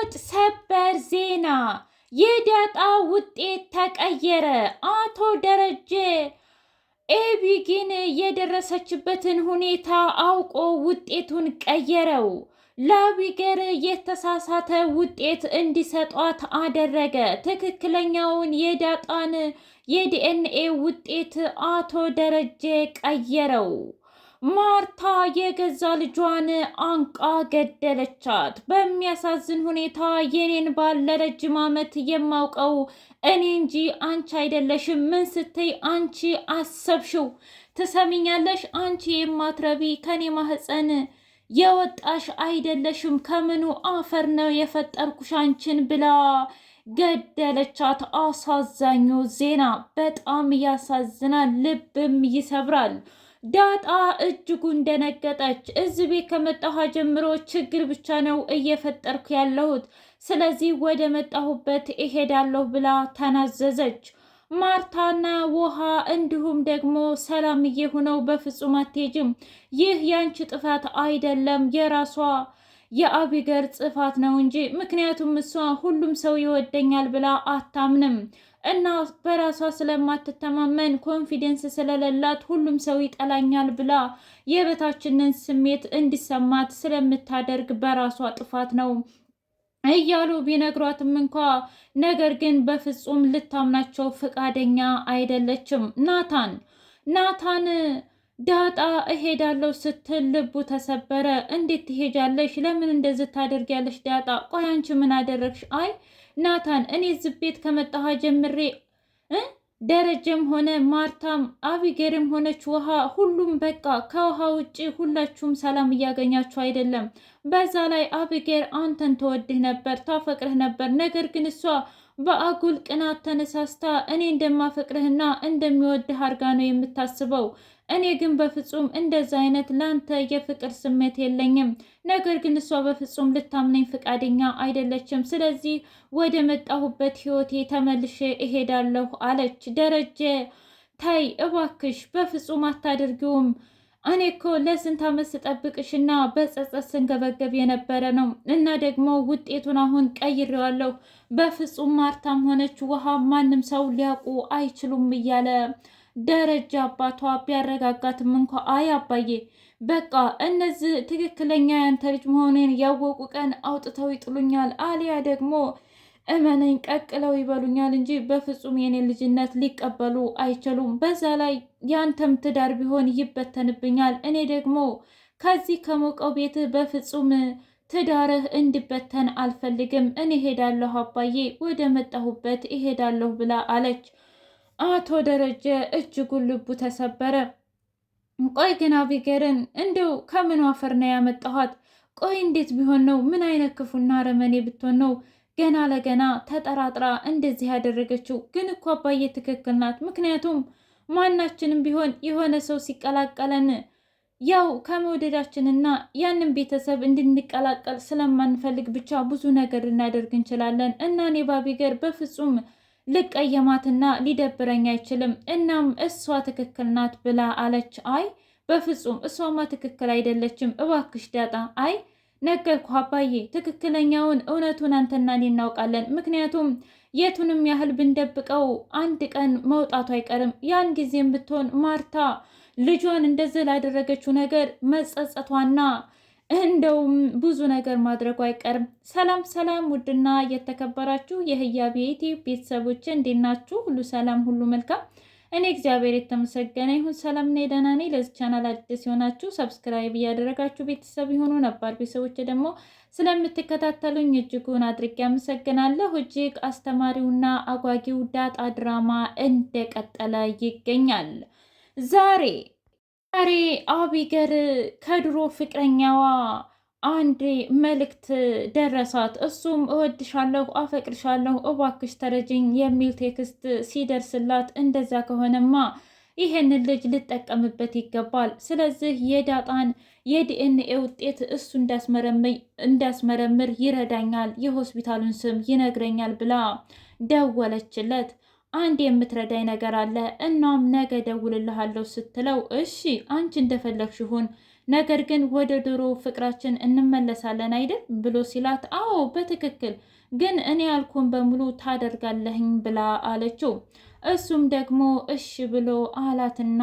አድማጮች ሰበር ዜና የዳጣ ውጤት ተቀየረ። አቶ ደረጀ ኤቢጊን የደረሰችበትን ሁኔታ አውቆ ውጤቱን ቀየረው። ላቢገር የተሳሳተ ውጤት እንዲሰጧት አደረገ። ትክክለኛውን የዳጣን የዲኤንኤ ውጤት አቶ ደረጀ ቀየረው። ማርታ የገዛ ልጇን አንቃ ገደለቻት። በሚያሳዝን ሁኔታ የኔን ባል ለረጅም ዓመት የማውቀው እኔ እንጂ አንቺ አይደለሽም። ምን ስትይ አንቺ አሰብሽው? ትሰሚኛለሽ? አንቺ የማትረቢ ከኔ ማህፀን የወጣሽ አይደለሽም። ከምኑ አፈር ነው የፈጠርኩሽ አንቺን ብላ ገደለቻት። አሳዛኙ ዜና በጣም ያሳዝናል፣ ልብም ይሰብራል። ዳጣ እጅጉን ደነገጠች። እዚህ ቤት ከመጣኋ ጀምሮ ችግር ብቻ ነው እየፈጠርኩ ያለሁት፣ ስለዚህ ወደ መጣሁበት እሄዳለሁ ብላ ተናዘዘች። ማርታና ውሃ እንዲሁም ደግሞ ሰላምዬ ሆነው በፍጹም አትሄጂም፣ ይህ ያንቺ ጥፋት አይደለም የራሷ የአቢገር ጽፋት ነው እንጂ ምክንያቱም እሷ ሁሉም ሰው ይወደኛል ብላ አታምንም እና በራሷ ስለማትተማመን ኮንፊደንስ ስለሌላት ሁሉም ሰው ይጠላኛል ብላ የበታችንን ስሜት እንዲሰማት ስለምታደርግ በራሷ ጥፋት ነው እያሉ ቢነግሯትም እንኳ ነገር ግን በፍጹም ልታምናቸው ፈቃደኛ አይደለችም። ናታን ናታን ዳጣ እሄዳለሁ ስትል ልቡ ተሰበረ። እንዴት ትሄጃለሽ? ለምን እንደዚህ ታደርጊያለሽ? ዳጣ ቆይ አንቺ ምን አደረግሽ? አይ ናታን፣ እኔ ዝ ቤት ከመጣሁ ጀምሬ ደረጀም ሆነ ማርታም አብጌርም ሆነች ውሃ፣ ሁሉም በቃ ከውሃ ውጭ ሁላችሁም ሰላም እያገኛችሁ አይደለም። በዛ ላይ አብጌር አንተን ተወድህ ነበር ታፈቅርህ ነበር፣ ነገር ግን እሷ በአጉል ቅናት ተነሳስታ እኔ እንደማፈቅርህና እንደሚወድህ አድርጋ ነው የምታስበው። እኔ ግን በፍጹም እንደዛ አይነት ላንተ የፍቅር ስሜት የለኝም። ነገር ግን እሷ በፍጹም ልታምነኝ ፈቃደኛ አይደለችም። ስለዚህ ወደ መጣሁበት ህይወቴ ተመልሼ እሄዳለሁ አለች። ደረጀ ታይ እባክሽ፣ በፍጹም አታደርጊውም እኔ እኮ ለስንት ዓመት ስጠብቅሽና በጸጸት ስንገበገብ የነበረ ነው እና ደግሞ ውጤቱን አሁን ቀይሬዋለሁ። በፍጹም ማርታም ሆነች ውሃ ማንም ሰው ሊያውቁ አይችሉም እያለ ደረጃ አባቷ ቢያረጋጋትም እንኳ አይ አባዬ በቃ እነዚህ ትክክለኛ ያንተ ልጅ መሆኔን ያወቁ ቀን አውጥተው ይጥሉኛል አሊያ ደግሞ እመነኝ ቀቅለው ይበሉኛል እንጂ በፍጹም የኔ ልጅነት ሊቀበሉ አይችሉም። በዛ ላይ ያንተም ትዳር ቢሆን ይበተንብኛል። እኔ ደግሞ ከዚህ ከሞቀው ቤት በፍጹም ትዳርህ እንዲበተን አልፈልግም። እኔ ሄዳለሁ አባዬ፣ ወደ መጣሁበት እሄዳለሁ ብላ አለች። አቶ ደረጀ እጅጉን ልቡ ተሰበረ። ቆይ ግን አቢገርን እንደው ከምን አፈር ነው ያመጣኋት? ቆይ እንዴት ቢሆን ነው? ምን አይነት ክፉና ረመኔ ብትሆን ነው ገና ለገና ተጠራጥራ እንደዚህ ያደረገችው ግን እኮ አባዬ ትክክል ናት። ምክንያቱም ማናችንም ቢሆን የሆነ ሰው ሲቀላቀለን ያው ከመውደዳችንና ያንን ቤተሰብ እንድንቀላቀል ስለማንፈልግ ብቻ ብዙ ነገር ልናደርግ እንችላለን እና እኔ ባቢገር በፍጹም ልቀየማትና ሊደብረኝ አይችልም። እናም እሷ ትክክል ናት ብላ አለች። አይ በፍጹም እሷማ ትክክል አይደለችም፣ እባክሽ ዳጣ አይ ነገርኩ አባዬ፣ ትክክለኛውን እውነቱን አንተና እኔ እናውቃለን። ምክንያቱም የቱንም ያህል ብንደብቀው አንድ ቀን መውጣቱ አይቀርም። ያን ጊዜም ብትሆን ማርታ ልጇን እንደዚህ ላደረገችው ነገር መጸጸቷና እንደውም ብዙ ነገር ማድረጉ አይቀርም። ሰላም ሰላም! ውድና የተከበራችሁ የህያ ቤቴ ቤተሰቦች እንዴት ናችሁ? ሁሉ ሰላም፣ ሁሉ መልካም እኔ እግዚአብሔር የተመሰገነ ይሁን ሰላም ነኝ፣ ደህና ነኝ። ለዚህ ቻናል አዲስ የሆናችሁ ሰብስክራይብ እያደረጋችሁ ቤተሰብ የሆኑ ነባር ቤተሰቦች ደግሞ ስለምትከታተሉኝ እጅጉን አድርጌ አመሰግናለሁ። እጅግ አስተማሪውና አጓጊው ዳጣ ድራማ እንደቀጠለ ይገኛል። ዛሬ ዛሬ አቢገር ከድሮ ፍቅረኛዋ አንዴ መልእክት ደረሳት። እሱም እወድሻለሁ፣ አፈቅድሻለሁ፣ እባክሽ ተረጅኝ የሚል ቴክስት ሲደርስላት እንደዛ ከሆነማ ይህንን ልጅ ልጠቀምበት ይገባል። ስለዚህ የዳጣን የዲኤንኤ ውጤት እሱ እንዳስመረምር ይረዳኛል፣ የሆስፒታሉን ስም ይነግረኛል ብላ ደወለችለት። አንድ የምትረዳኝ ነገር አለ፣ እናም ነገ ደውልልሃለሁ ስትለው እሺ አንቺ እንደፈለግሽ ይሁን፣ ነገር ግን ወደ ድሮ ፍቅራችን እንመለሳለን አይደል ብሎ ሲላት፣ አዎ በትክክል ግን እኔ ያልኩን በሙሉ ታደርጋለህኝ ብላ አለችው። እሱም ደግሞ እሺ ብሎ አላትና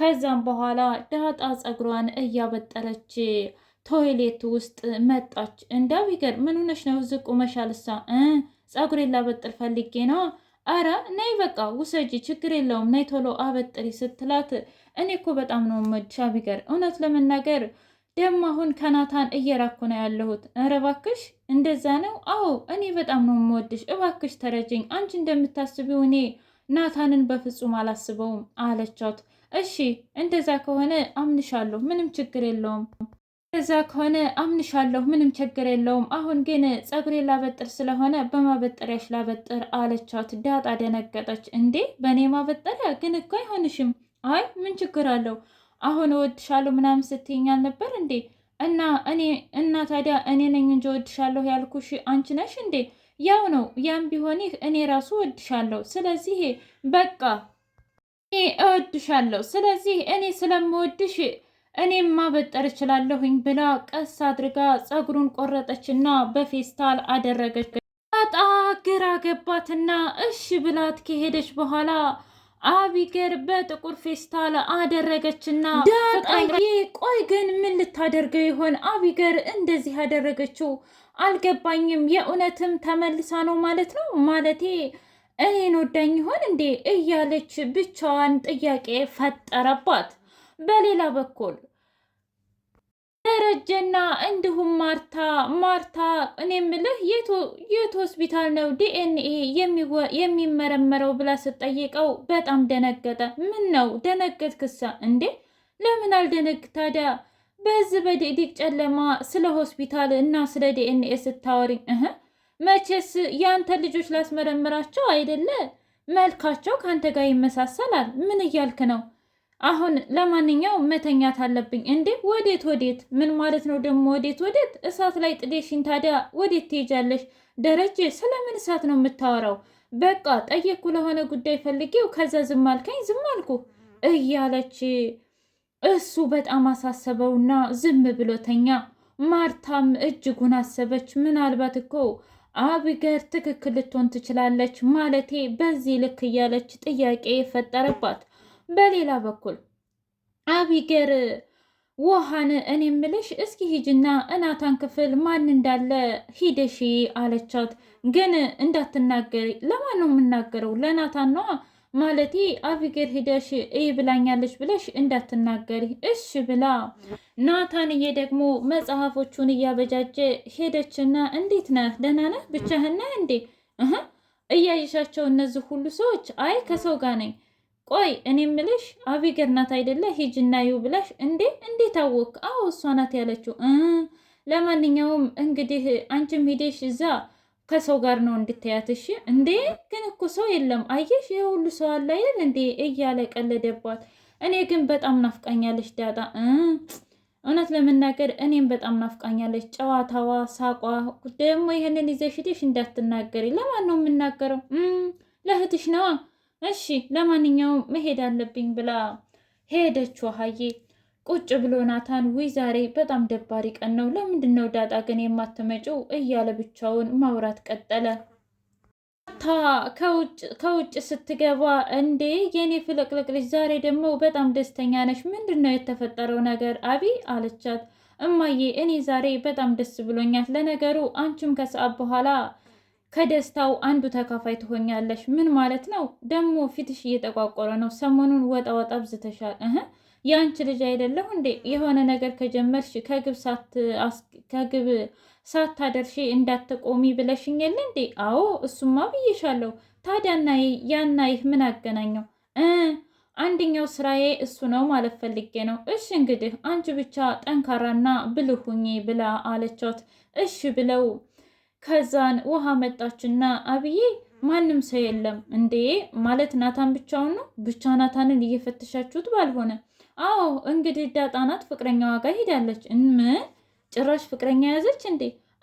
ከዛም በኋላ ዳጣ ፀጉሯን እያበጠረች ቶይሌት ውስጥ መጣች። እንዳው ይገር ምን ሆነሽ ነው? ዝቁ መሻልሳ ፀጉሬን ላበጥር ፈልጌ ነው አረ ነይ በቃ ውሰጂ፣ ችግር የለውም ነይ ቶሎ አበጥሪ ስትላት እኔ እኮ በጣም ነው ሻቢገር እውነት ለመናገር ደግሞ አሁን ከናታን እየራኩ ነው ያለሁት። እረ እባክሽ እንደዛ ነው? አዎ እኔ በጣም ነው የምወድሽ፣ እባክሽ ተረጅኝ። አንቺ እንደምታስቢው እኔ ናታንን በፍጹም አላስበውም አለቻት። እሺ እንደዛ ከሆነ አምንሻለሁ፣ ምንም ችግር የለውም እዛ ከሆነ አምንሻለሁ፣ ምንም ችግር የለውም። አሁን ግን ጸጉሬ ላበጥር ስለሆነ በማበጠሪያሽ ላበጥር አለቻት። ዳጣ ደነገጠች። እንዴ በእኔ ማበጠሪያ ግን እኮ አይሆንሽም። አይ ምን ችግር አለው? አሁን እወድሻለሁ ምናምን ስትይኝ አልነበር እንዴ? እና እኔ እና ታዲያ እኔ ነኝ እንጂ እወድሻለሁ ያልኩሽ አንቺ ነሽ እንዴ? ያው ነው። ያም ቢሆን እኔ ራሱ እወድሻለሁ። ስለዚህ በቃ እኔ እወድሻለሁ። ስለዚህ እኔ ስለምወድሽ እኔማ በጠር እችላለሁኝ ብላ ቀስ አድርጋ ፀጉሩን ቆረጠችና በፌስታል አደረገች። ዳጣ ግራ ገባትና እሺ ብላት ከሄደች በኋላ አቢገር በጥቁር ፌስታል አደረገችና ዳጣዬ፣ ቆይ ግን ምን ልታደርገው ይሆን? አቢገር እንደዚህ ያደረገችው አልገባኝም። የእውነትም ተመልሳ ነው ማለት ነው? ማለቴ እኔን ወዳኝ ይሆን እንዴ? እያለች ብቻዋን ጥያቄ ፈጠረባት። በሌላ በኩል ደረጀና እንዲሁም ማርታ ማርታ እኔ የምልህ የት ሆስፒታል ነው ዲኤንኤ የሚመረመረው ብላ ስጠይቀው በጣም ደነገጠ። ምን ነው ደነገጥክስ እንዴ? ለምን አልደነግ ታዲያ በዚህ በድቅድቅ ጨለማ ስለ ሆስፒታል እና ስለ ዲኤንኤ ስታወሪኝ እህ መቼስ የአንተ ልጆች ላስመረምራቸው አይደለ? መልካቸው ከአንተ ጋር ይመሳሰላል። ምን እያልክ ነው? አሁን ለማንኛውም መተኛት አለብኝ። እንዴ ወዴት ወዴት? ምን ማለት ነው ደግሞ ወዴት ወዴት? እሳት ላይ ጥዴሽን ታዲያ ወዴት ትሄጃለሽ? ደረጀ ስለምን እሳት ነው የምታወራው? በቃ ጠየቅኩ ለሆነ ጉዳይ ፈልጌው፣ ከዛ ዝም አልከኝ፣ ዝም አልኩ እያለች እሱ በጣም አሳሰበውና ዝም ብሎ ተኛ። ማርታም እጅጉን አሰበች። ምናልባት እኮ አቢገር ትክክል ልትሆን ትችላለች፣ ማለቴ በዚህ ልክ እያለች ጥያቄ ፈጠረባት። በሌላ በኩል አቢገር ውሃን እኔ ምልሽ እስኪ ሂጅና እናታን ክፍል ማን እንዳለ ሂደሺ አለቻት። ግን እንዳትናገሪ። ለማን ነው የምናገረው? ለናታን ነዋ። ማለቴ አቢገር ሂደሽ እይ ብላኛለች ብለሽ እንዳትናገሪ እሺ ብላ ናታንዬ ደግሞ መጽሐፎቹን እያበጃጀ ሄደችና እንዴት ነህ? ደህና ነህ? ብቻህን ነህ እንዴ? እያየሻቸው እነዚህ ሁሉ ሰዎች? አይ ከሰው ጋር ነኝ ቆይ እኔ ምልሽ አቢገር ናት አይደለ? ሂጅና ዩ ብለሽ እንዴ! እንዴት አወቅ? አዎ እሷ ናት ያለችው። ለማንኛውም እንግዲህ አንቺም ሂደሽ እዛ ከሰው ጋር ነው እንድታያትሽ። እንዴ ግን እኮ ሰው የለም አየሽ፣ የሁሉ ሰው አለ አይደል? እንዴ እያለ ቀለደባት። እኔ ግን በጣም ናፍቃኛለች ዳጣ። እውነት ለመናገር እኔም በጣም ናፍቃኛለች። ጨዋታዋ፣ ሳቋ ደግሞ ይህንን ይዘሽ ሂደሽ እንዳትናገሪ። ለማን ነው የምናገረው? ለእህትሽ ነዋ እሺ ለማንኛውም መሄድ አለብኝ ብላ ሄደች። ውሃዬ ቁጭ ብሎ ናታን ውይ ዛሬ በጣም ደባሪ ቀን ነው፣ ለምንድን ነው ዳጣ ግን የማትመጪው? እያለ ብቻውን ማውራት ቀጠለ። ታ ከውጭ ስትገባ እንዴ የኔ ፍልቅልቅ ልጅ ዛሬ ደግሞ በጣም ደስተኛ ነሽ፣ ምንድን ነው የተፈጠረው ነገር አቢ አለቻት። እማዬ እኔ ዛሬ በጣም ደስ ብሎኛል። ለነገሩ አንቺም ከሰዓት በኋላ ከደስታው አንዱ ተካፋይ ትሆኛለሽ። ምን ማለት ነው ደግሞ? ፊትሽ እየጠቋቆረ ነው። ሰሞኑን ወጣ ወጣ ብዝተሻል። እህ የአንቺ ልጅ አይደለሁ እንዴ? የሆነ ነገር ከጀመርሽ ከግብ ሳታደርሺ እንዳትቆሚ ብለሽኝ የለ እንዴ? አዎ እሱማ ብዬሻለሁ። ታዲያና ያና ይህ ምን አገናኘው? አንደኛው ስራዬ እሱ ነው ማለት ፈልጌ ነው። እሺ እንግዲህ አንቺ ብቻ ጠንካራና ብልህ ብላ አለቻት። እሺ ብለው ከዛን ውሃ መጣችና አብዬ ማንም ሰው የለም እንዴ? ማለት ናታን ብቻውን ነው? ብቻ ናታንን እየፈተሻችሁት ባልሆነ? አዎ እንግዲህ ናት ፍቅረኛዋ ዋጋ ሄዳለች። እም ጭራሽ ፍቅረኛ ያዘች እንዴ?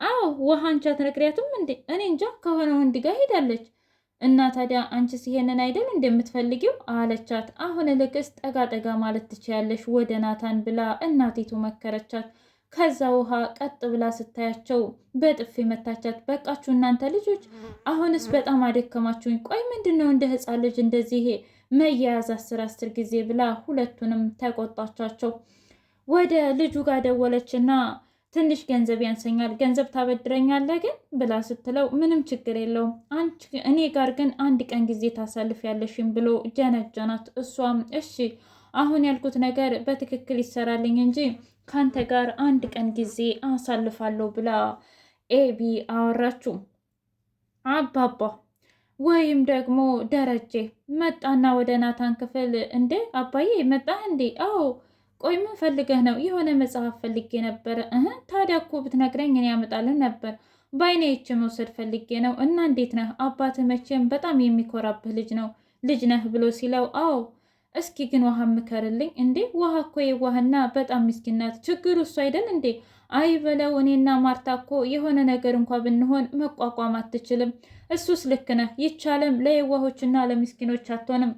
አዎ ውሃ አንቺ አትነግሪያትም እንዴ? እኔ እንጃ ከሆነ ወንድ ጋር ሄዳለች። እና ታዲያ አንቺ ሲሄንን አይደል እንደምትፈልጊው አለቻት። አሁን ልክስ ጠጋ ጠጋ ማለት ትችያለሽ ወደ ናታን ብላ እናቲቱ መከረቻት። ከዛ ውሃ ቀጥ ብላ ስታያቸው በጥፊ መታቻት። በቃችሁ እናንተ ልጆች፣ አሁንስ በጣም አደከማችሁኝ። ቆይ ምንድን ነው እንደ ህፃን ልጅ እንደዚህ መያያዝ አስር አስር ጊዜ ብላ ሁለቱንም ተቆጣቻቸው። ወደ ልጁ ጋር ደወለችና ትንሽ ገንዘብ ያንሰኛል፣ ገንዘብ ታበድረኛለህ ግን ብላ ስትለው ምንም ችግር የለውም አንቺ እኔ ጋር ግን አንድ ቀን ጊዜ ታሳልፍ ያለሽም ብሎ ጀነጀናት። እሷም እሺ አሁን ያልኩት ነገር በትክክል ይሰራልኝ እንጂ ካንተ ጋር አንድ ቀን ጊዜ አሳልፋለሁ ብላ ኤቢ አወራችሁ። አባባ ወይም ደግሞ ደረጀ መጣና ወደ ናታን ክፍል እንዴ አባዬ መጣህ እንዴ? አዎ። ቆይ ምን ፈልገህ ነው? የሆነ መጽሐፍ ፈልጌ ነበር እህ ታዲያ እኮ ብትነግረኝ እኔ ያመጣልን ነበር። በአይኔ ይች መውሰድ ፈልጌ ነው። እና እንዴት ነህ? አባትህ መቼም በጣም የሚኮራብህ ልጅ ነው ልጅ ነህ ብሎ ሲለው አዎ እስኪ ግን ውሃ ምከርልኝ እንዴ! ውሃ እኮ የዋህና በጣም ምስኪናት ናት። ችግሩ እሱ አይደል እንዴ? አይ በለው እኔና ማርታ እኮ የሆነ ነገር እንኳ ብንሆን መቋቋም አትችልም። እሱስ ልክ ነህ። ይቻለም ለየዋሆችና ለምስኪኖች አትሆንም።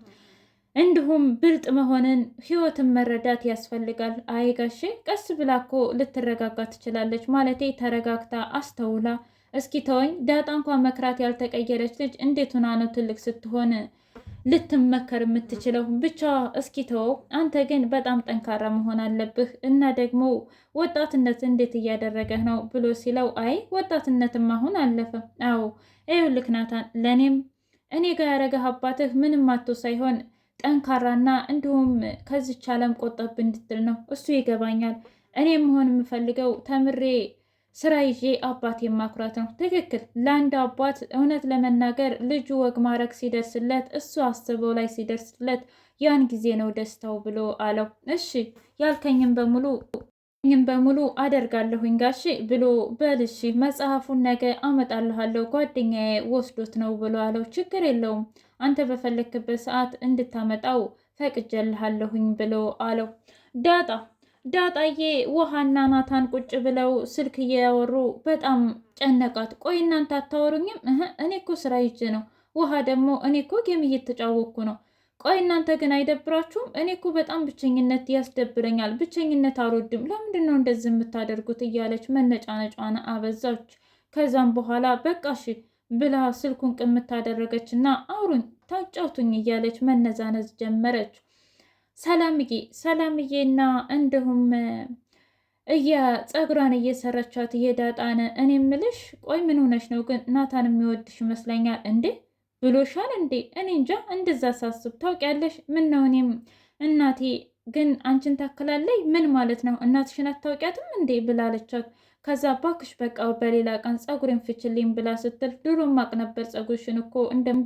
እንዲሁም ብልጥ መሆንን ህይወትን መረዳት ያስፈልጋል። አይ ጋሼ፣ ቀስ ብላ እኮ ልትረጋጋ ትችላለች። ማለቴ ተረጋግታ አስተውላ። እስኪ ተወኝ። ዳጣ እንኳ መክራት ያልተቀየረች ልጅ እንዴት ሆና ነው ትልቅ ስትሆን ልትመከር የምትችለው ብቻ እስኪ ተወው። አንተ ግን በጣም ጠንካራ መሆን አለብህ እና ደግሞ ወጣትነት እንዴት እያደረገህ ነው ብሎ ሲለው አይ ወጣትነትም አሁን አለፈ። አዎ ይኸውልህ ናታን፣ ለእኔም እኔ ጋር ያደረገህ አባትህ ምንም አቶ ሳይሆን ጠንካራና እንዲሁም ከዚች ዓለም ቆጠብ እንድትል ነው። እሱ ይገባኛል። እኔ መሆን የምፈልገው ተምሬ ስራ ይዤ አባቴን ማኩራት ነው። ትክክል። ለአንድ አባት እውነት ለመናገር ልጁ ወግ ማድረግ ሲደርስለት፣ እሱ አስበው ላይ ሲደርስለት ያን ጊዜ ነው ደስታው ብሎ አለው። እሺ ያልከኝም በሙሉ ይህን በሙሉ አደርጋለሁኝ ጋሺ ብሎ በልሺ መጽሐፉን ነገ አመጣልሃለሁ ጓደኛዬ ወስዶት ነው ብሎ አለው። ችግር የለውም አንተ በፈለክበት ሰዓት እንድታመጣው ፈቅጀልሃለሁኝ ብሎ አለው ዳጣ ዳጣዬ ውሃና ናታን ቁጭ ብለው ስልክ እያወሩ በጣም ጨነቃት። ቆይ እናንተ አታወሩኝም? እኔ እኮ ስራ ይዤ ነው። ውሃ ደግሞ እኔ እኮ ጌም እየተጫወኩ ነው። ቆይ እናንተ ግን አይደብራችሁም? እኔ እኮ በጣም ብቸኝነት ያስደብረኛል። ብቸኝነት አልወድም። ለምንድን ነው እንደዚህ የምታደርጉት? እያለች መነጫነጫዋን አበዛች። ከዛም በኋላ በቃሽ ብላ ስልኩን ቅምት አደረገች እና አውሩኝ ታጫውቱኝ እያለች መነዛነዝ ጀመረች። ሰላምዬ ሰላምዬና እንዲሁም እያ ፀጉሯን እየሰራቻት እየዳጣነ እኔ ምልሽ ቆይ ምን ሆነሽ ነው ግን ናታን የሚወድሽ ይመስለኛል እንዴ ብሎሻል እንዴ እኔ እንጃ እንደዛ ሳስብ ታውቂያለሽ ምን ነው እኔም እናቴ ግን አንቺን ታክላለይ ምን ማለት ነው እናትሽን አታውቂያትም እንዴ ብላለቻት ከዛ ባክሽ በቃ በሌላ ቀን ፀጉሬን ፍችልኝ ብላ ስትል ድሮ ማቅ ነበር ፀጉርሽን እኮ እንደ